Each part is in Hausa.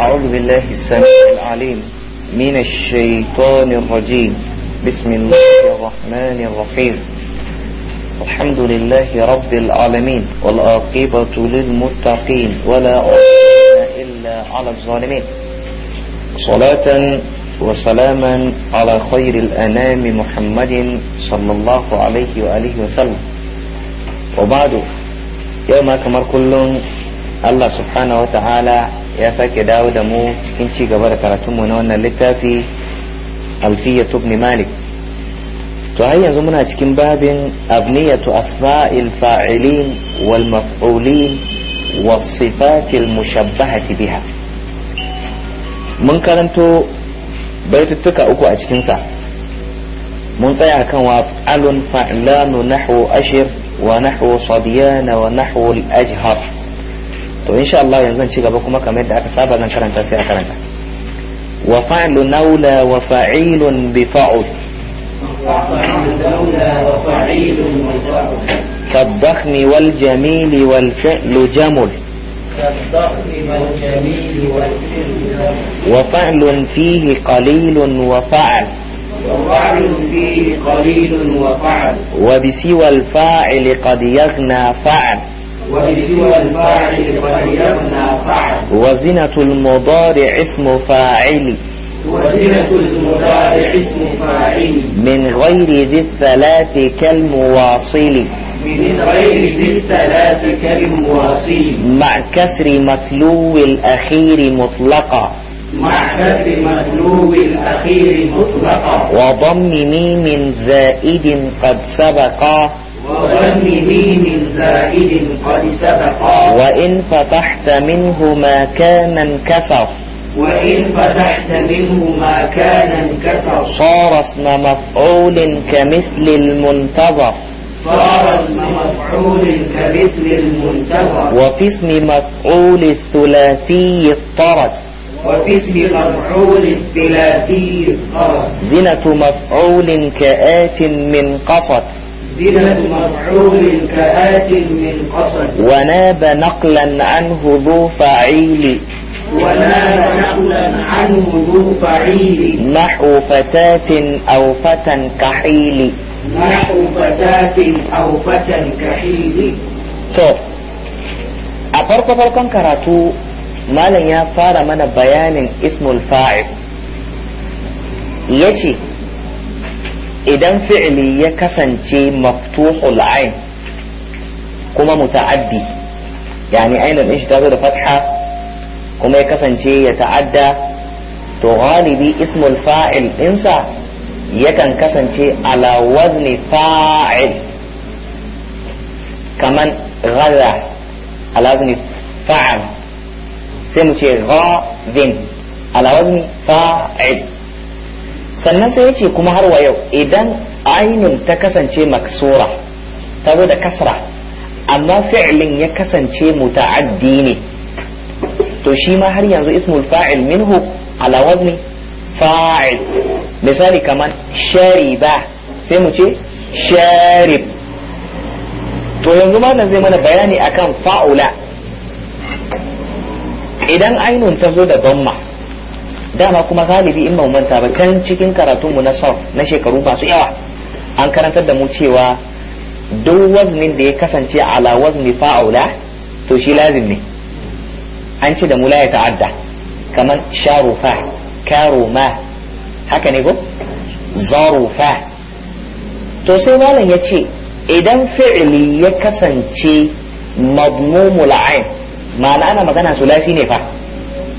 أعوذ بالله السميع العليم من الشيطان الرجيم بسم الله الرحمن الرحيم الحمد لله رب العالمين والآقبة للمتقين ولا عدوان إلا على الظالمين صلاة وسلاما على خير الأنام محمد صلى الله عليه وآله وسلم وبعد يوم أكمل كل Allah subhanahu wata'ala ya sake dawo da mu cikin ci gaba da karatunmu na wannan littafi alfiyatu ibn malik to har yanzu muna cikin babin abniyatu asfail fa'ilin wal maf'ulin was mushabbahati biha mun karanto baituttuka uku a sa mun tsaya kan wa alun fa'lanu nahwu ashir wa nahwu sadiyana wa nahwu al-ajhar to insha Allah yanzu ci gaba kuma kamar yadda aka saba zan karanta sai a karanta wa fa'lu naula wa fa'ilun bi fa'ul كالضخم والجميل والفعل جمل وفعل فيه قليل وفعل وفعل فيه قليل وفعل وبسوى الفاعل قد يغنى فعل ولسوى الفاعل فعل وزنة المضارع اسم فاعل وزنة المضارع اسم فاعل من غير ذي الثلاث كالمواصل من غير ذي الثلاث كالمواصل مع كسر متلو الأخير مطلقا مع كسر متلو الأخير مطلقا وضم ميم زائد قد سبقا زائد قد سبقا وإن فتحت منه ما كان انكسر وإن فتحت منه ما كان انكسر صار اسم مفعول كمثل المنتظر صار اسم مفعول كمثل المنتظر وفي اسم مفعول الثلاثي اضطرت وفي اسم مفعول الثلاثي اضطرت زنة مفعول كآت من قصد زنة مفعول كآت من قصد وناب نقلا عنه ذو فعيل وناب نقلا عنه ذو فعيل نحو فتاة أو فتى كحيل نحو فتاة أو فتى كحيل تو أفرق فرقا كراتو مالا يا فار من بيان اسم الفاعل يجي idan fi'li ya kasance maftuhul ain kuma muta'addi yani ainun din shi ta zo da fatha kuma ya kasance ya ta'adda to ghalibi ismul fa'il insa yakan kasance ala wazni fa'il kaman ghadha ala wazni fa'al sai mu ce ghadhin ala wazni fa'il sannan sai ya ce kuma har wa yau idan ainun ta kasance maksura ta da kasra amma fi'lin ya kasance muta'addi ne to shi ma har yanzu ismul fa'il minhu ala wazni fa'il misali kamar shariba sai mu ce sharib to yanzu malam zai mana bayani akan fa'ula idan ainun ta zo da zamma dama kuma galibi in ba mu manta ba can cikin karatun mu na sau na shekaru masu yawa an karantar da mu cewa duk waznin da ya kasance ala wazni fa'ula to shi lazim ne an ce da mu la ya ta'adda kamar sharufa karuma haka ne ko zarufa to sai malam ya ce idan fi'ili ya kasance madmumul ain ma'ana ana magana sulasi ne fa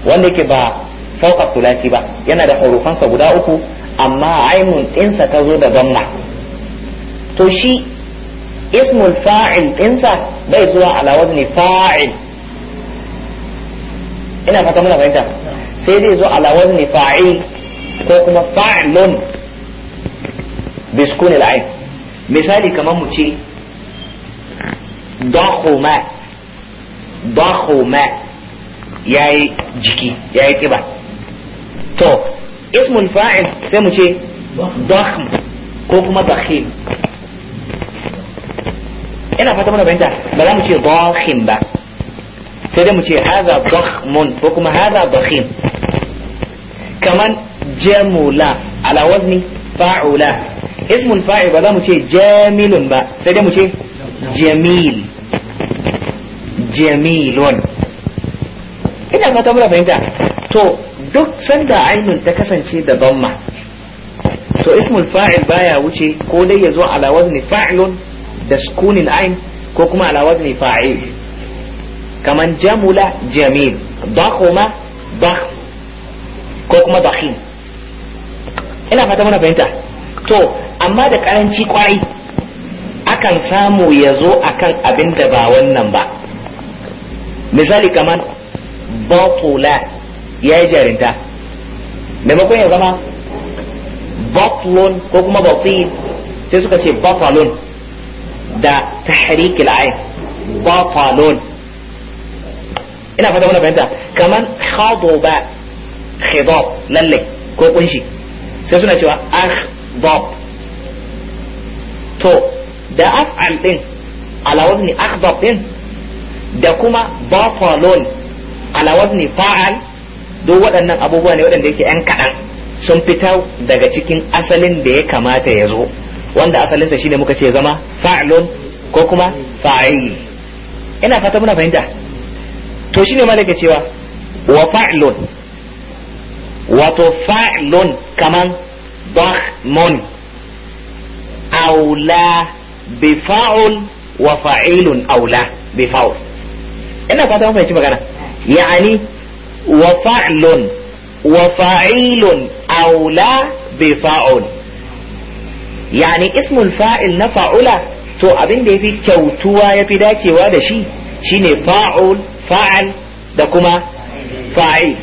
wanda yake ba fauka sulasi ba yana da hurufansa guda uku amma ainun ɗinsa ta zo da gamma to shi ismul fa'il ɗinsa bai zuwa ala wazni fa'il ina fata muna fahimta sai zai zo ala wazni fa'il ko kuma fa'ilun biskun al'ain misali kamar mu ce dakhuma dakhuma yayi jiki yayi kiba to ismul fa'il sai mu ce dakhm ko kuma bakhil ina fata muna bayanta ba za mu ce dakhim ba sai dai mu ce hadha dakhmun ko kuma hadha bakhim kaman jamula ala wazni fa'ula ismul fa'il ba za mu ce jamilun ba sai dai mu ce jamil jamilun ina fata muna bayanta to duk sanda ainihin ta kasance da dhamma to ismul fa'il baya wuce ko dai ya zo ala wazni fa'ilun da sukunin ain ko kuma ala wazni fa'il kaman jamula jamil dakhuma dakh ko kuma dakhin ina fata mana fahimta to amma da karanci kwai akan samu ya zo akan abin da ba wannan ba misali kaman batula ya yi jarinta maimakon ya zama batlon ko kuma batil sai suka ce batalon da tahrikil ayin batalon ina fata wani fahimta kamar ba khidab lalle ko kunshi sai suna cewa akhdab to da af'al din ala wazni akhdab din da kuma batalon ala wazni fa'al duk waɗannan abubuwa ne waɗanda yake 'yan kaɗan sun fita daga cikin asalin da ya kamata ya zo wanda asalinsa shine muka ce zama fa'lun ko kuma fa'il ina fata muna fahimta to shine malaka cewa wa fa'lun wato fa'lun kaman fa'ul wa fa'ilun aula bi fa'ul ina fata mun fahimci magana yani وفعل وفعيل أولى بفعل يعني اسم الفاعل نفعل to abin da ya fi kyautuwa ya fi dacewa da shi shine fa'ul fa'al da kuma fa'il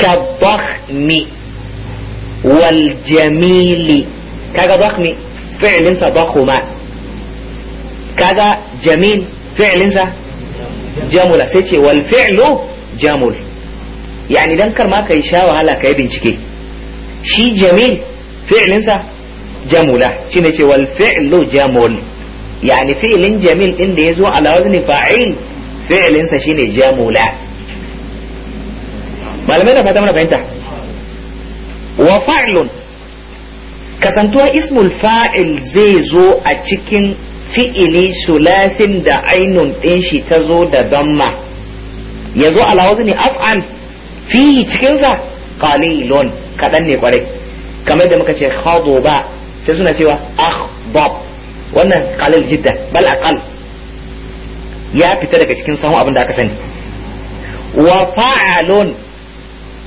ka bakhmi wal jamili kaga bakhmi kaga jamula sai ce wal fi'lu jamul yani dan kar ma kai sha wahala kai bincike shi jamil fi'linsa jamula shine ce wal fi'lu jamul yani fi'lin jamil din da yazo ala wazni fa'il fi'linsa shine jamula malamai da fata mana fahimta wa fa'lun kasantuwa ismul fa'il zai zo a cikin fi'ili sulasin da ainun ɗin shi ta zo da damma ya zo ala wazni fi fihi cikinsa qalilun kaɗan ne kwarai kamar da muka ce ba sai suna cewa akhbab wannan qalil jidda bal aqal ya fita daga cikin sahun abin da aka sani wa fa'alun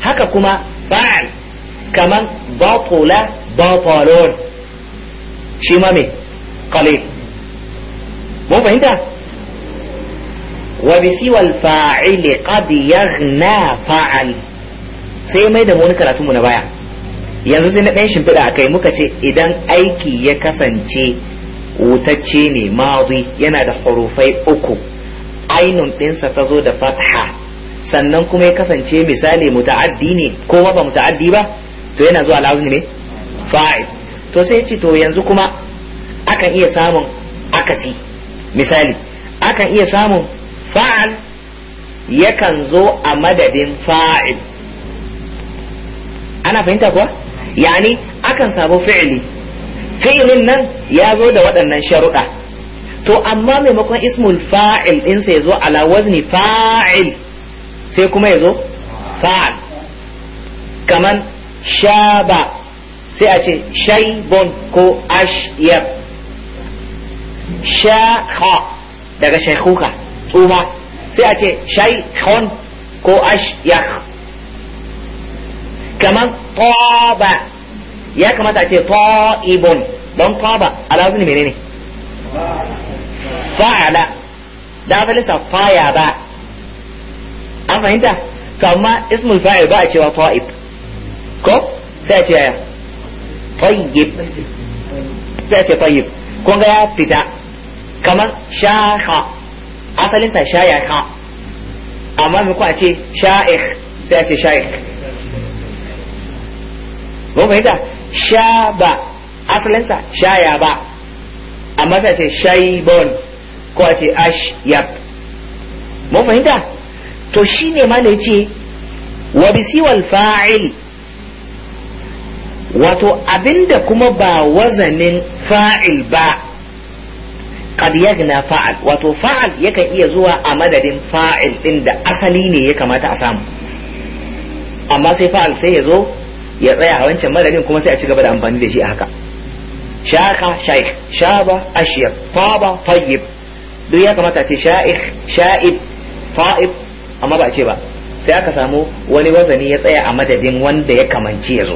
haka kuma fa'al kaman batula batalun shi ma me qalil mun fahimta wa siwal fa'ili qad yaghna fa'al sai mai da mu karatu mu na baya yanzu sai na ɗan shimfiɗa a kai muka ce idan aiki ya kasance wutacce ne mazi yana da hurufai uku ainun ɗinsa ta zo da fatha sannan kuma ya kasance misali muta'addi ne ko ba muta'addi ba to yana zuwa lazni ne fa'il to sai ce to yanzu kuma akan iya samun akasi misali akan iya samun fa'al yakan zo a madadin fa'il ana fahimta kuwa yani akan samu fi'ili fi'ilin nan ya zo da waɗannan sharuɗa to amma maimakon ismul fa'il ɗinsa ya zo ala wazni fa'il sai kuma ya zo fa'al kaman shaba sai a ce shaibon ko ashyab shaikha daga shaikuka tsuma sai a ce shaikhon ko ashyak kamar toba ya kamata a ce ta'ibun don toba ne menene fa'ala da asalinsa faya ba an fahimta to amma ismul fa'il ba a cewa fa'ib ko sai a ce yaya tayyib sai a ce tayyib kun ga ya fita kamar shaha asalinsa shayaha amma mai a ce sha'ik sai a ce sha'ik mun fahimta sha ba asalinsa shaya ba amma sai a ce shaibon ko a ce ash ashyab mun fahimta to shi ne ma ne ce wa bisiwal fa'il wato abinda kuma ba wazanin fa'il ba qad yagna fa'al wato fa'al yakan iya zuwa a madadin fa'il din da asali ne ya kamata a samu amma sai fa'al sai ya zo ya tsaya a wancan madadin kuma sai a ci gaba da amfani da shi a haka shaka shaikh shaba ashir taba tayyib duk ya kamata a ce sha'ikh sha'ib fa'ib amma ba a ce ba sai aka samu wani wazani ya tsaya a madadin wanda ya kamanci ya zo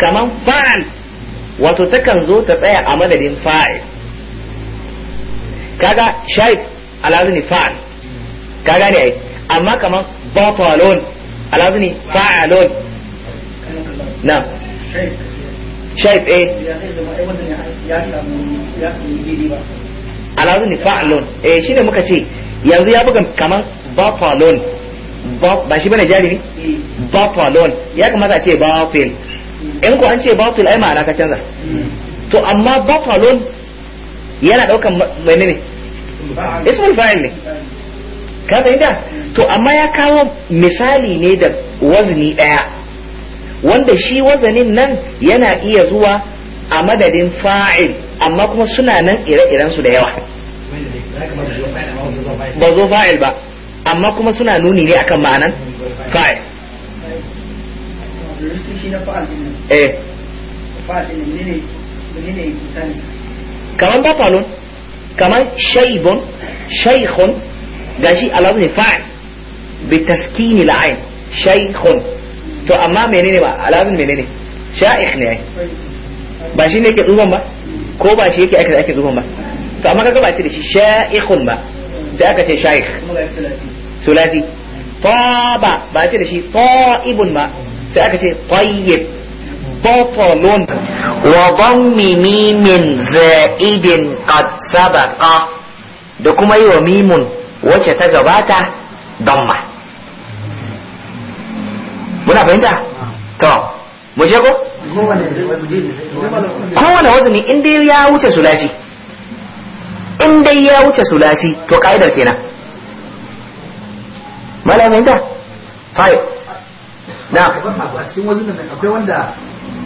kaman fa'al wato takan zo ta tsaya a madadin fa'il kaga shaif alazni fa'al ka gane ai amma kaman batalon alazni fa'alon na shaif eh alazni fa'alon eh ne muka ce yanzu ya buga kaman batalon ba shi bane ne eh. bafalon ya kamata a ce batil in ko an ce batil ai ma'ana ka canza to amma bafalon yana daukan ne ismul fa'il ne ka fahimta to amma ya kawo misali ne da wazni daya wanda shi wazanin nan yana iya zuwa a madadin fa'il amma kuma suna nan ire-iren su da yawa ba zo fa'il ba amma kuma suna nuni ne akan ma'anan fa'il eh kaman ba nun kaman shaibun shaikhun gashi Allah ne fa'il bi taskini la'ain shaikhun to amma menene ba alazin menene sha'ikh ne ba shi ne yake zuban ba ko ba shi yake aka ake zuban ba to amma kaga ba ce da shi sha'ikhun ba sai aka ce sha'ikh sulasi طاب ba ce da shi ta'ibun ba sai aka ce tayyib بطل وضم ميم زائد قد سبق da kuma yi mimun wacce ta gabata damma muna fahimta to mu je ko kowane wazini in dai ya wuce sulasi in dai ya wuce sulasi to ka'idar kenan mala fahimta fahim na akwai wanda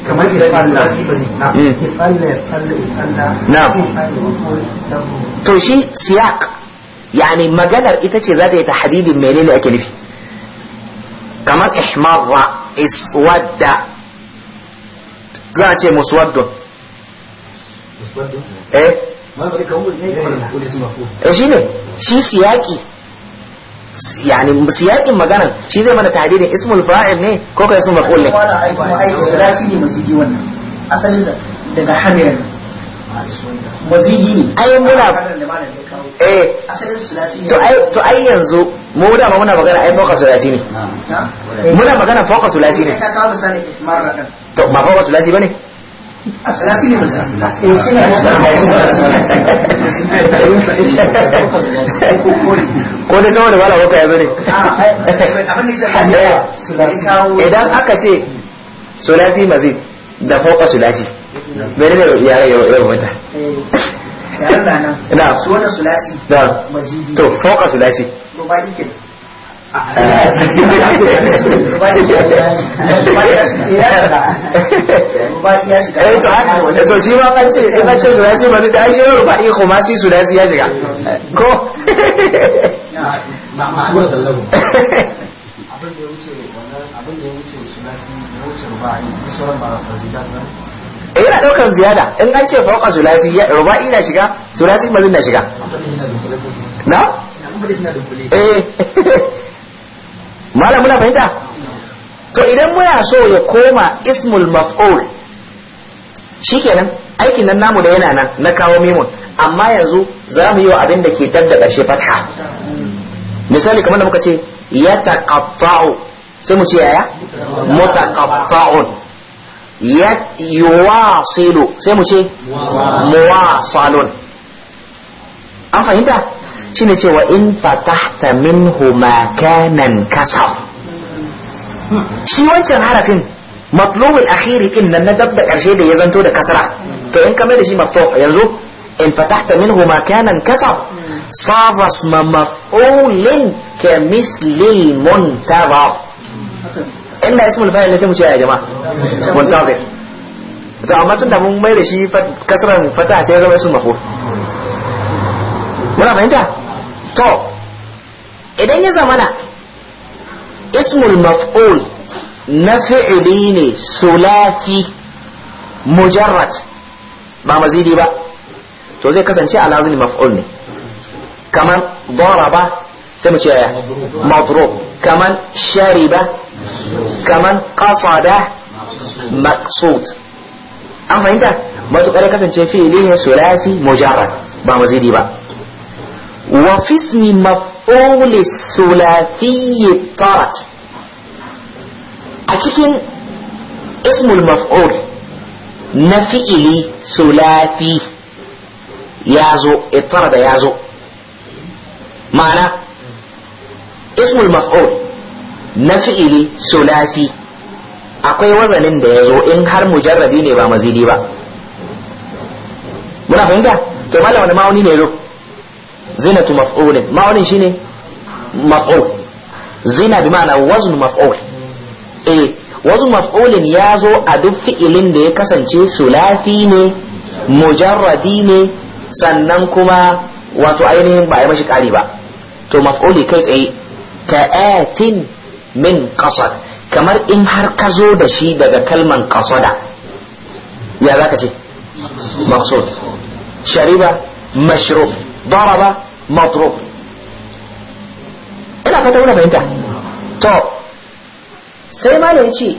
كمان يتقلى يتقلى يتقلى يتقلى نعم, نعم. تو شي سياق يعني ما قدر إتاتي ذات تحديد من اللي أكل كمان إحمر إسود زعت شيء مسود مسود إيه ما بدك أقول إيه شيء سياقي yani siyaƙin maganan shi zai mana tahdidin ismul fa'il ne ko kai sun maf'ul ne asalin daga hamir mazidi ne ai muna eh to ai to ai yanzu mu da ma muna magana ai fawqa sulasi ne muna magana fawqa sulasi ne to ma fawqa sulasi bane ثلاثين da sama da wata ya zo eh, idan aka ce sulasi mazi da fauka sulasi bai ne ya yau wata eh, na su wannan sulasi na to fauka sulasi ba rufa'i ya shiga eh to eh, to shi ma an ce in an ce sulasi ba da shi rufa'i kuma si sulasi ya shiga ko abin da ya wuce abin da ya wuce sulasi ya wuce rufa'i sauran ba ba eh, yana daukan ziyada in an ce fauka na shiga sulasi na shiga na? eh malam muna fahimta to idan muna so ya koma ismul maf'ul shikenan aikin nan namu da yana nan na kawo mimun amma yanzu za mu yi wa abin da ke dab da ƙarshe fatha misali kamar da muka ce ya taqatta'u sai mu ce yaya mutaqatta'un ya yuwasilu sai mu ce muwasalun an fahimta shine cewa in fatahta minhu ma kanan kasar shi wancan harafin مطلوب الأخير إن الندب الشيء دي يزن تودة كسرة فإن كما دي شي مفتوح ينزو إن فتحت منه ما كان انكسر صار اسم مفعول كمثل المنتظر إن اسم الفاعل اللي سيمو يا جماعة منتظر فأمات انت ما دي شيء كسرة فتح سيغل اسم مفعول مره انت تو إذا نزمنا اسم المفعول na fi'ili ne sulaki mujarrat. ba mazidi ba to zai kasance ala zini maf'ul ne kaman ba sai mu ce ya madrub kaman shariba kaman qasada maqsud an fahimta matuƙar ya kasance fi'ili ne sulasi mujarrat. ba mazidi ba wa fismi maf'ul sulasi tarat a cikin ismul maf'ul na fi'ili sulafi ya zo da ya zo ma'ana ismul maf'ul na fi'ili sulafi akwai wazanin da ya zo in har mujarrabi ne ba mazidi ba muna fahimta to malam wani ma'auni ne zo zinatu maf'ulin ma'aunin shine maf'ul zina bi ma'ana wazn maf'ul eh wasu maf'ulin ya zo a duk fi'ilin da ya kasance sulafi ne mujarradi ne sannan kuma wato ainihin ba ya mashi kari ba to maf'uli kai tsaye ta'atin min kasar kamar in har ka zo da shi daga kalman qasada ya za ka ce maqsud shariba mashrub daraba matrub ina fata wani fahimta to sai ma ya ce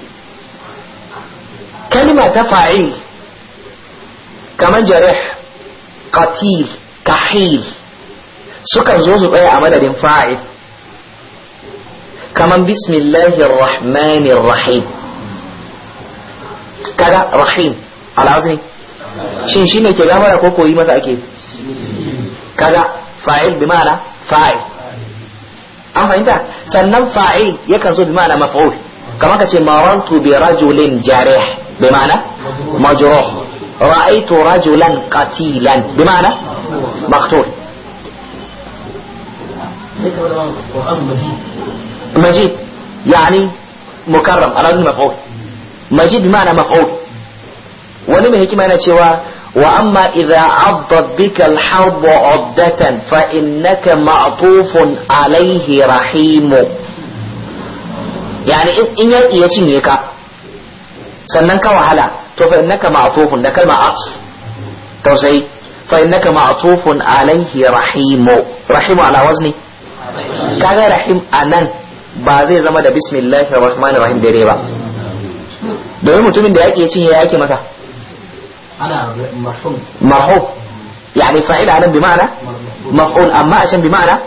kalima ta fa'il kamar jarih qatil kahil sukan zo su tsaya a madadin fa'il kamar bismillahir rahmanir rahim kada rahim al'azmi shin shine ke gafara ko koyi masa ake kada fa'il bi ma'ana fa'il an fahimta sannan fa'il yakan zo bi ma'ana maf'ul كما كتي مرنت برجل جارح بمعنى مجروح رأيت رجلا قتيلا بمعنى مقتول مجيد يعني مكرم على وزن مفعول مجيد بمعنى مفعول ولم هيك معنى سوى وأما إذا عضت بك الحرب عدة فإنك معطوف عليه رحيم yani in yaƙi ya cinye ka sannan ka wahala to fa innaka ma'tufun da kalma a tausayi fa innaka ma'tufun alaihi rahimu rahimu ala wazni kaga rahim anan ba zai zama da bismillahir rahmanir rahim dare ba domin mutumin da yaƙi ya cinye ya yake masa Ana marhum yani fa'il nan bi ma'ana maf'ul amma a can bi ma'ana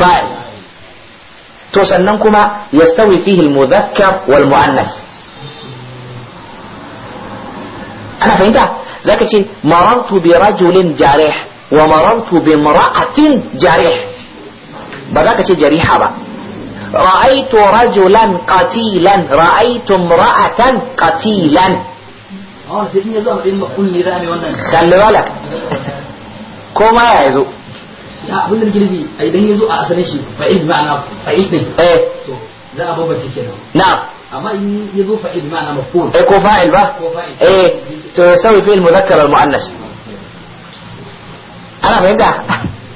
fa'il توسنكما يستوي فيه المذكر والمؤنث أنا فهمت ذاك شيء مررت برجل جارح ومررت بامرأة جارح بذاك شيء جريحة با. رأيت رجلا قتيلا رأيت امرأة قتيلا آه، خلي بالك كما يعزو ya abin da girbi a idan ya zo a asalin shi fa'il ma'ana fa'il din eh to za a babbace kenan na'am amma in ya zo fa'il ma'ana mafhum eh ko fa'il ba eh to yasawi fi'il mudhakkar al muannas ana fahimta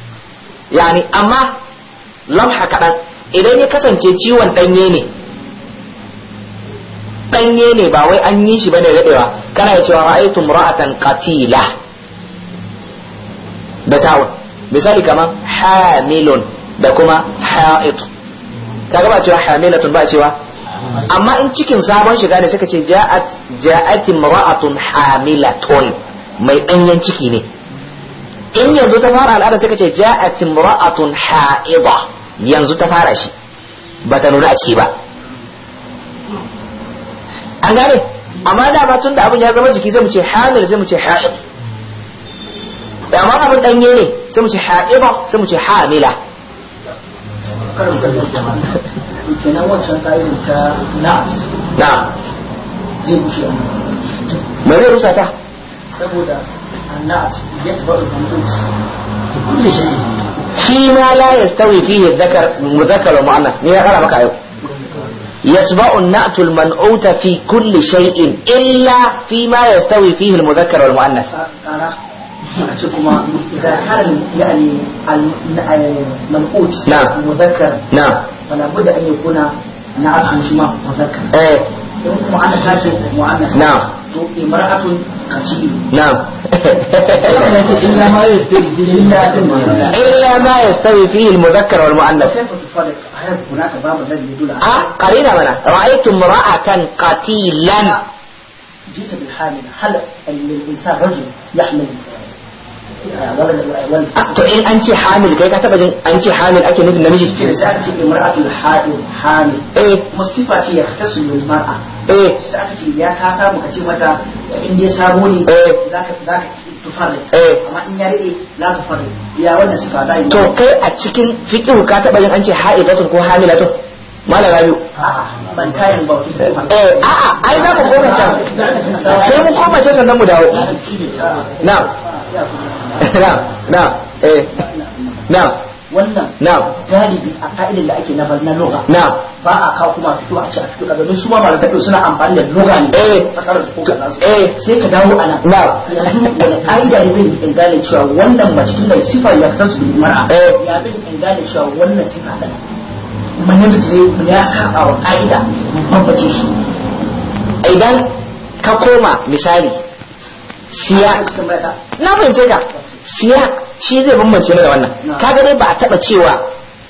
yani amma lamha kadan idan ya kasance ciwon danye ne danye ne ba wai an yi shi bane dadewa kana ya cewa ra'aytu imra'atan qatila da tawon misali kamar hamilun da kuma ha'it kaga ba cewa hamilatun ba cewa amma in cikin sabon shiga ne suka ce ja'at ja'at imra'atun hamilatun mai danyen ciki ne in yanzu ta fara al'ada suka ce ja'at imra'atun ha'ida yanzu ta fara shi ba ta nuna a ciki ba an gane amma da ba tun da abin ya zama jiki sai mu ce hamil sai mu ce ha'id da ma abin danye ne sai mu ce ha'ida sai mu ce hamila kenan wancan ta'idin ta na'as na zai bushe me zai rusa ta saboda النعت يتبع المنقوص كل شيء فيما لا يستوي فيه الذكر مذكر ومؤنث مين قال مكا يو يتبع النعت المنعوت في كل شيء إلا فيما يستوي فيه المذكر والمؤنث وقتكما إذا كان يعني المنقوط نعم مذكر نعم فلا بد أن يكون نعت مجمع مذكر إيه مؤنثات مؤنث نعم امرأة قتيل نعم إلا ما يستوي فيه إلا ما يستوي فيه المذكر والمؤنث كيف تفرق هناك باب الذي يدل على آه قرينا منا رأيت امرأة قتيلا جئت بالحامل هل الإنسان رجل يحمل to in an ce hamil kai ka taba jin an ce hamil ake nufin namiji ke sai aka ce imra'atul haid hamil eh musifa ce ya tasu lil mar'a eh sai aka ce ya ta samu ka ce mata in dai sabo ne eh. zaka zaka tufarri eh amma in ya rike la tufarri ya wannan sifa da to kai a cikin fiqh ka taba jin an ce haidatun ko hamilatun malam rabi ban tayin ba eh a'a ai za mu koma can sai mu koma can sannan mu dawo na na na eh na wannan na galibi a ka'idar da ake na na loga na ba a kawo kuma fito a ci a fito daga don su ma malam tafiya suna amfani da loga ne eh tsakarar su ko nasu su eh. sai ka dawo a nan. na yanzu wani ka'ida ne zai in gane cewa wannan mace tun da sifa ya fitar su bil mar'a eh. ya zai in gane cewa wannan sifa da manyan da ne ya saba wa ka'ida bambacin shi idan ka koma misali siya na fahimce ka siya shi zai bambance da wannan kaga dai ba a taba cewa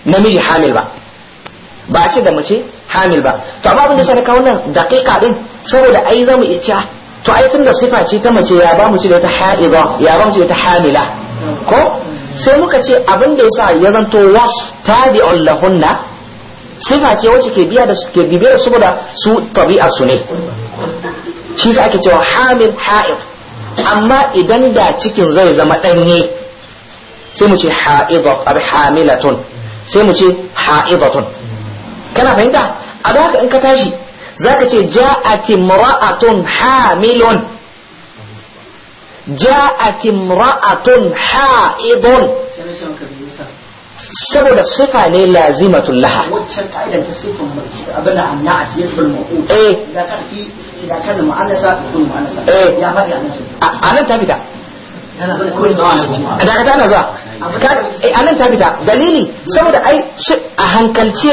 namiji hamil ba ba a ce da mace hamil ba to amma abin da sai kawo nan daƙiƙa din saboda ai zamu iya cewa to ai tunda sifa ce ta mace ya ba mu ce da ta ha'ida ya ba mu ce ta hamila ko sai muka ce abin da yasa ya zanto was tabi'un lahunna sifa ce wacce ke biya da ke bibiya saboda su tabi'a su ne shi sa ake cewa hamil ha'id amma idan da cikin zai zama ɗanye sai mu ce hamilatun sai mu ce ha'idatun kana fahimta a don haka in ka tashi za ka ce ja'at imra'atun hamilun ja'at imra'atun ha'idun saboda sifa ne lazimatun laha wacce idan ta sifin abin da anna'a ajiye yadda ma'u eh shiga kalin mu'annasa kun mu'annasa eh. ya faɗi a nan ta fita dakata ana zuwa eh, a nan ta fita dalili saboda ai a hankalce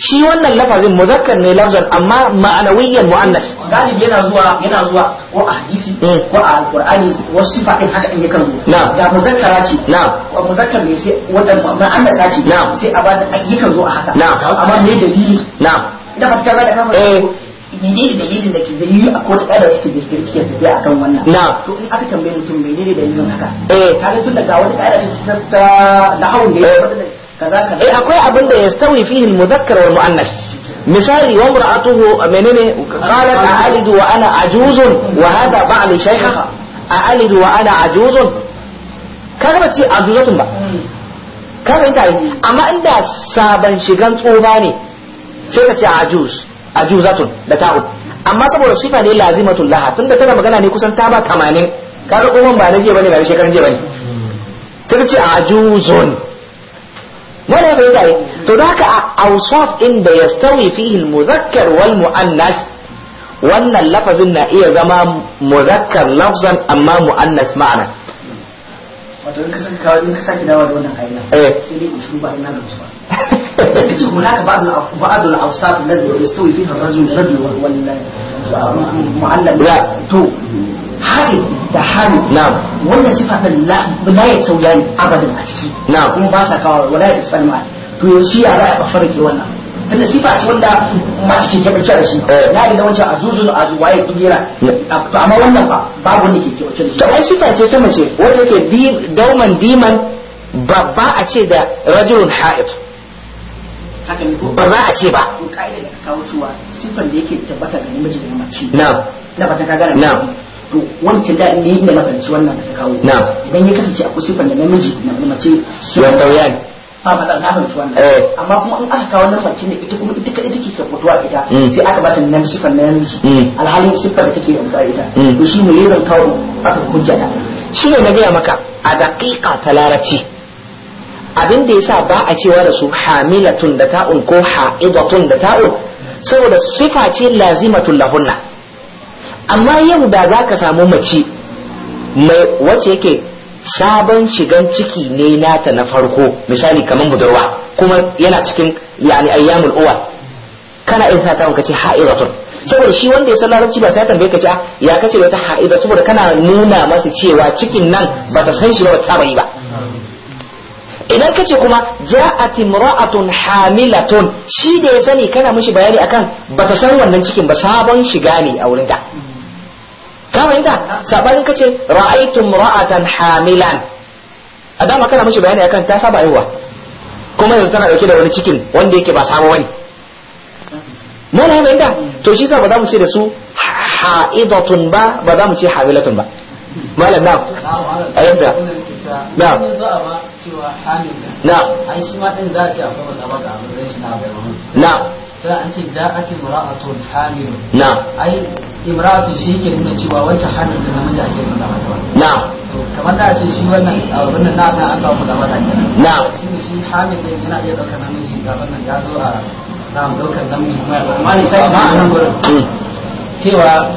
shi wannan lafazin muzakkar ne lafzan amma ma'anawiyyan mu'annas galibi yana zuwa yana zuwa ko a hadisi eh. ko a alqur'ani wasu sifatin haka in ya kan zo da muzakkara ce na muzakkar ne sai wannan mu'annasa ce sai a ba ta ayyukan zo a haka amma me dalili na da fatkar da kafa menene dalilin da ke dalili a kowace ƙada suke da ke tafiya a kan wannan na to in aka tambaye mutum menene dalilin haka eh kaga tun daga wata ƙada ta ta da hawan da ya eh. kaza kaza eh akwai abin da yastawi fihi al-mudhakkar wal mu'annath misali wa mar'atuhu menene qalat a'alidu wa ana ajuzun wa hada ba'li shaykha a'alidu wa ana ajuzun kaga bace ajuzatun ba hmm. kaga ita amma inda saban shigan tsoba ne sai ka ce ajuz ajuzatun da ta'u amma saboda sifa ne lazimatul laha tunda tana magana ne kusan ta ba 80 kaga umman ba na jiya bane ba na shekaran jiya bane sai ta ce ajuzun wala bai dai to da haka awsaf din da yastawi fihi al-mudhakkar wal muannas wannan lafazin na iya zama mudhakkar lafzan amma muannas ma'ana wato in ka san ka in ka saki dawo da wannan kaina eh sai dai ba ina da usuluba تجد هناك بعض بعض الاوساط الذي يستوي فيها الرجل رجل والمعلم لا تو حائل da hannu wannan sifa la sauya ne abadan a ciki kuma ba sa kawo wala ya isfal to yaushe ya za a kafara ke wannan tunda sifa ce wanda masu ke kebarce da shi ya da wancan azuzun azuwaye kujera to amma wannan ba babu wanda ke kebarce da shi to ai sifa ta mace wanda yake dauman diman babba a ce da rajulun ha'id ba za a ce ba ka'idar da kawo cewa siffar da yake tabbata ga namiji da mace na Na ba ta kagara na to wancan da ne inda makanci wannan da ta kawo na idan ya kasance akwai siffar da namiji da mace su ya tsauya ba matsala na fahimci wannan eh. amma kuma in aka kawo nan ne ita kuma ita kadai take kafutuwa ita mm. sai aka bata nan siffar na namiji mm. alhalin siffar da take kafutuwa ita mm. to shi mu yi yaron kawo aka hujjata shi ne na gaya maka a daƙiƙa ta larabci abin da yasa ba a cewa da su hamilatun da ta'un ko ha'idatun da ta'un saboda sifa ce lazimatun lahunna amma yau da za ka samu mace mai wacce yake sabon shigan ciki ne nata na farko misali kamar budurwa kuma yana cikin yani ayyamul uwa kana in sa ta'un kace ha'idatun saboda shi wanda ya san larabci ba sai tambaye ka ce ah, ya kace wata ha'ida saboda kana nuna masa cewa cikin nan bata san shi ba ba ta yi ba idan ka ce kuma ja'at imra'atun hamilatun shi da ya sani kana mishi bayani akan bata san wannan cikin ba sabon shiga ne a wurinka ka fahimta sabanin kace ra'aytu imra'atan hamilan a dama kana mishi bayani akan ta saba aiwa kuma yanzu tana dauke da wani cikin wanda yake ba sabo bane mun fahimta to shi sa ba za mu ce da su ha'idatun ba ba za mu ce hamilatun ba malam na ayyanta na cewa hamil na an shi ma din za a ce akwai baka a matsayin shi na bayan na sai an ce ja'at imra'atun hamil na ai imra'atu shi yake nuna cewa wacce hamil da namiji ake nuna mata na kamar da a ce shi wannan wannan na an samu da mata na shi ne shi hamil din yana iya daukar namiji ga wannan ya zo a na daukar namiji kuma amma ne sai ma a nan gurin mm. cewa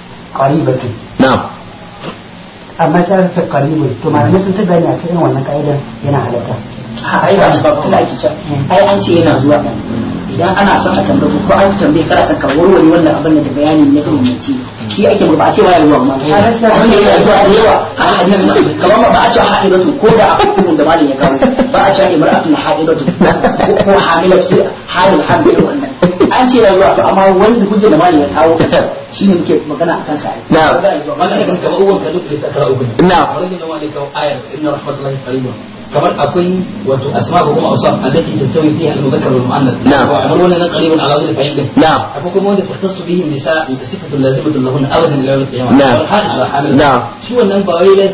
qaribatu na'am amma sai ta qaribun to malamai sun ta gani a kan wannan ka'idar yana halatta ai ba shi ba tunda ake cewa hmm. ai an ce yana zuwa idan ana son a tambaye ko an tambaye kana son ka warware wannan abin da bayani ne kan mace shi ake ba a ce wa yawa ma wanda yana zuwa da yawa a hadisi kamar ba a ce haidatu ko da a hukumin da malin ya kawo ba a ko an ce rayuwa to amma da hujja da malami ya kawo shi ne muke magana akan sa na malamin kamar uwan ka duk da kara uku na da wani kawo ayar inna rahmatullahi qaribun kamar akwai wato asma ko kuma awsaf allati tattawi fiha al-mudhakkar wal na wa amruna nan qaribun ala na akwai kuma wanda takhtassu bihi nisa bi sifatu lazimatu lahun abadan na shi wannan ba wai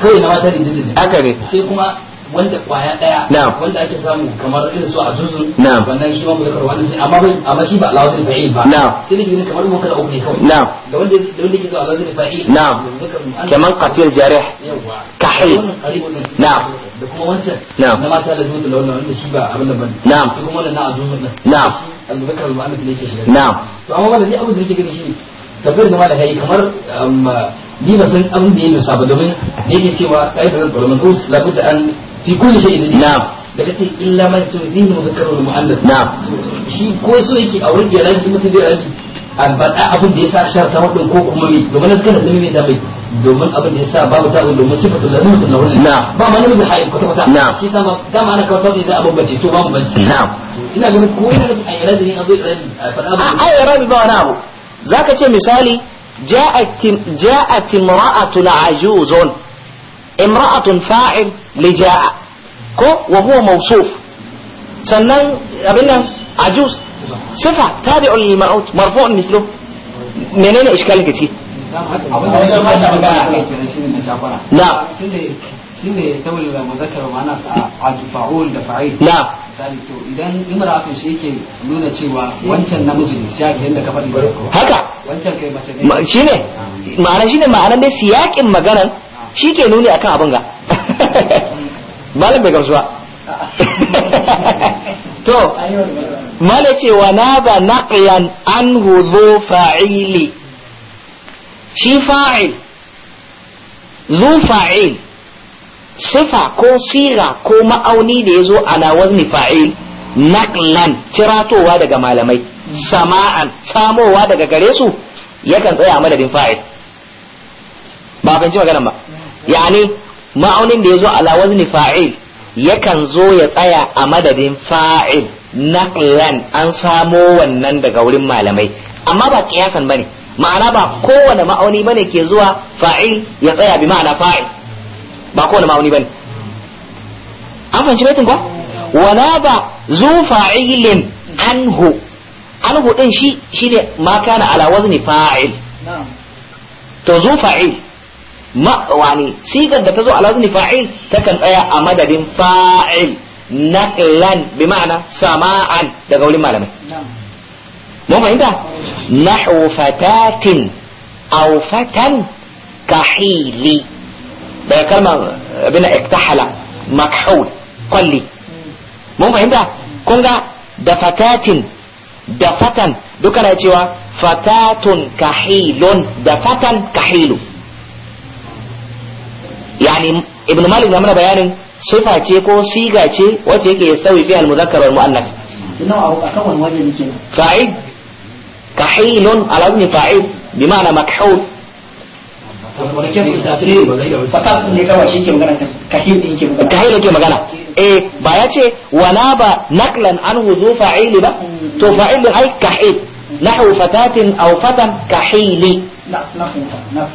kawai na mata ne haka ne sai kuma wanda kwaya daya wanda ake samu kamar irin su a juzun wannan shi ma mu yakar ne amma bai amma shi ba lawazin fa'il ba sai da yake kamar mun kada uku ne kawai da wanda da wanda yake zuwa lawazin fa'il kaman qatil jarih kahil na'am da kuma wancan na mata da zuwa lawan wanda shi ba abin da bane na'am shi kuma wannan na juzun din na'am al-dhakar al-mu'allaf ne yake shiga na'am to amma wannan abin da yake gani shi tabbayar da malaka yi kamar um, ni ba san abin da yake saba domin yake cewa ayatul qur'an labu da an fi kulli shay'in na'am da kace illa man tu fihi mudhakkaru wal muannath na'am shi ko so yake a wurin da rabi mutum da rabi albada abin da yasa ina ganin ko yana ne a ba wani abu zaka ce misali ja'at ja'at imra'atun ajuzun imra'atun fa'il lija'a ko wa huwa mawsuf sannan abin nan ajus sifa tabi'un lil ma'ut marfu'un mislu menene iskalin ka ciki na shine ma'ana ajus fa'ul da fa'il na misali to idan imra'atun shi yake nuna cewa wancan namiji ne shi yake yadda ka faɗi haka wancan kai mace ne shine ma'ana shine ma'ana ne siyakin maganar shi ke nuni akan abin ga malam bai gamsuwa. to mala ce wa na ba naqiyan an zo fa'ili shi fa'il zu fa'il sifa ko sira ko ma'auni da ya zo ala wazni fa'il naqlan ciratowa daga malamai sama'an samowa daga gare su yakan tsaya a madadin fa'il ba fahimci maganan ba yani ma'aunin da ya zo ala wazni fa'il yakan zo ya tsaya a madadin fa'il naqlan an samo wannan daga wurin malamai amma ba kiyasan bane ma'ana ba kowane ma'auni bane ke zuwa fa'il ya tsaya bi ma'ana fa'il ba kowane ma'auni bane an fahimci baitin ko wala ba zu fa'ilin anhu anhu din shi shine ma kana ala wazni fa'il to zu fa'il ma'wani sigar da ta zo ala zni fa'il takan tsaya a madadin fa'il naqlan bi ma'ana sama'an daga wurin malamai mun fahimta nahwu fatatin aw fatan kahili daga kalmar bin iktahala makhul qalli mun fahimta kun ga da fatatin da fatan duka na cewa fatatun kahilun da fatan kahilu yani ibn malik na mana bayanin sifa ce ko siga ce wacce yake sauyi fi al-muzakkar wal mu'annas fa'il kahilun ala wazni fa'il bi ma'ana makhul kahil yake magana eh ba ya ce wana ba naklan an huzu fa'ili ba to fa'il ai kahil nahu fatatin aw fatan kahili ka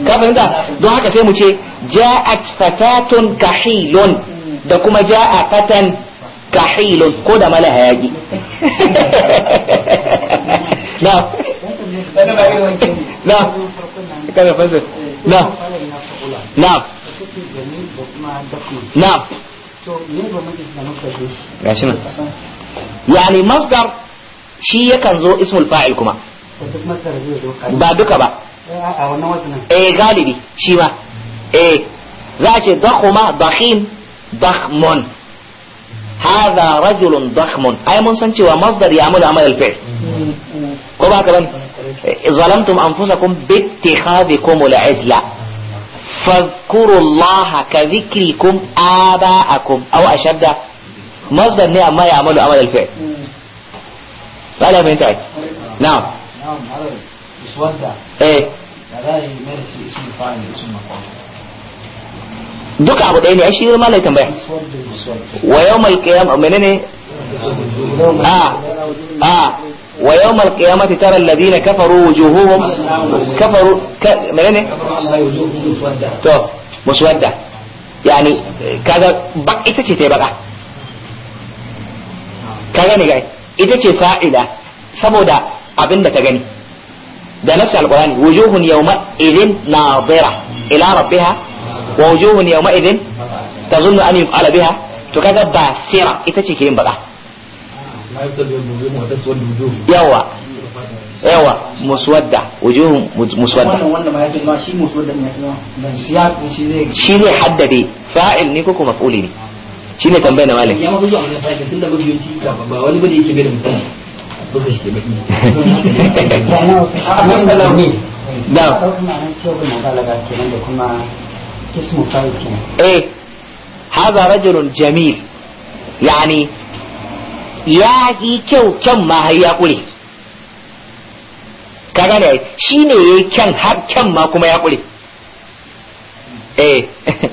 fahimta don haka sai mu ce ja'at fatatun kahilun da kuma ja'a fatan kahilun ko da mala hayaki na na kada fasa na na na gashi nan yani masdar shi yakan zo ismul fa'il kuma ba duka ba a eh, galibi shi ma eh za a ce dakhuma dakhim dakhmun hadha rajulun dakhmun ai mun san cewa masdar ya'malu amal al-fi'l ko ba ka ban eh, zalamtum anfusakum bi ittikhadikum al-ajla fadhkuru Allah ka dhikrikum aba'akum aw ashadda masdar ne amma ya'malu amal al-fi'l قال من تعب نعم نعم eh duka abu ɗaya ne ai shi ma malai tambaya wa yawmal qiyamah menene a a ah, ah. wa yawmal qiyamati tara alladhina kafaru wujuhuhum kafaru menene to muswadda yani kaga bak ita ce ta baka kaga ne gai ita ce fa'ila saboda abinda ta gani da نفس alkurani وجوه يومئذ ناظرة إلى ربها ووجوه يومئذ تظن أن يفعل بها ta ma shi muswadda ne ya shi shi ne haddade fa'il ne ko kuma maf'uli ne shine tambayar malam ya ma gudu a wannan fa'il tunda ba wani da yake bai da mutane buga shi da eh haza rajulun jamil yani ya yi kyau kyan ma har ya kure ka ne ya yi kyan har kyan ma kuma ya kure eh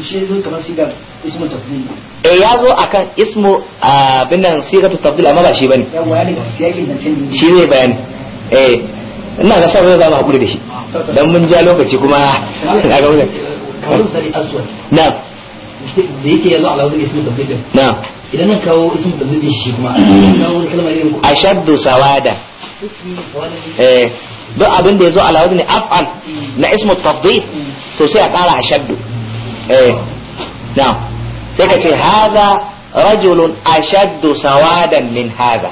to eh, ya zo kamar kan ismu tafdil ah, ya zo ismu abin nan sigatu tafdil amma ba shi bane shi ne bayani eh ina ga sabon za mu hakuri da shi dan mun ja lokaci kuma a ga wannan na. sari aswad na'am da yake yazo ala wani ismu tafdil na idan na kawo ismu tafdil shi kuma mm. kawo kalmar irin ashaddu sawada eh duk abin da yazo ala wani af'al na ismu tafdil to sai a kara ashaddu نعم eh, na'am sai ka ce haza rajulun ashaddu sawadan min haza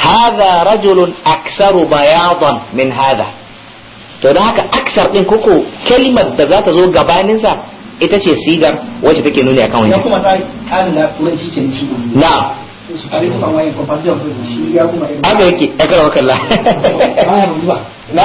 بياضا rajulun aksaru bayadan min من to don haka aksar ɗin koko da zata zo gabaninsa ita ce sigar wacce take nuni akan wani. kuma tsari na Aga yake, ya karawa kalla. Na?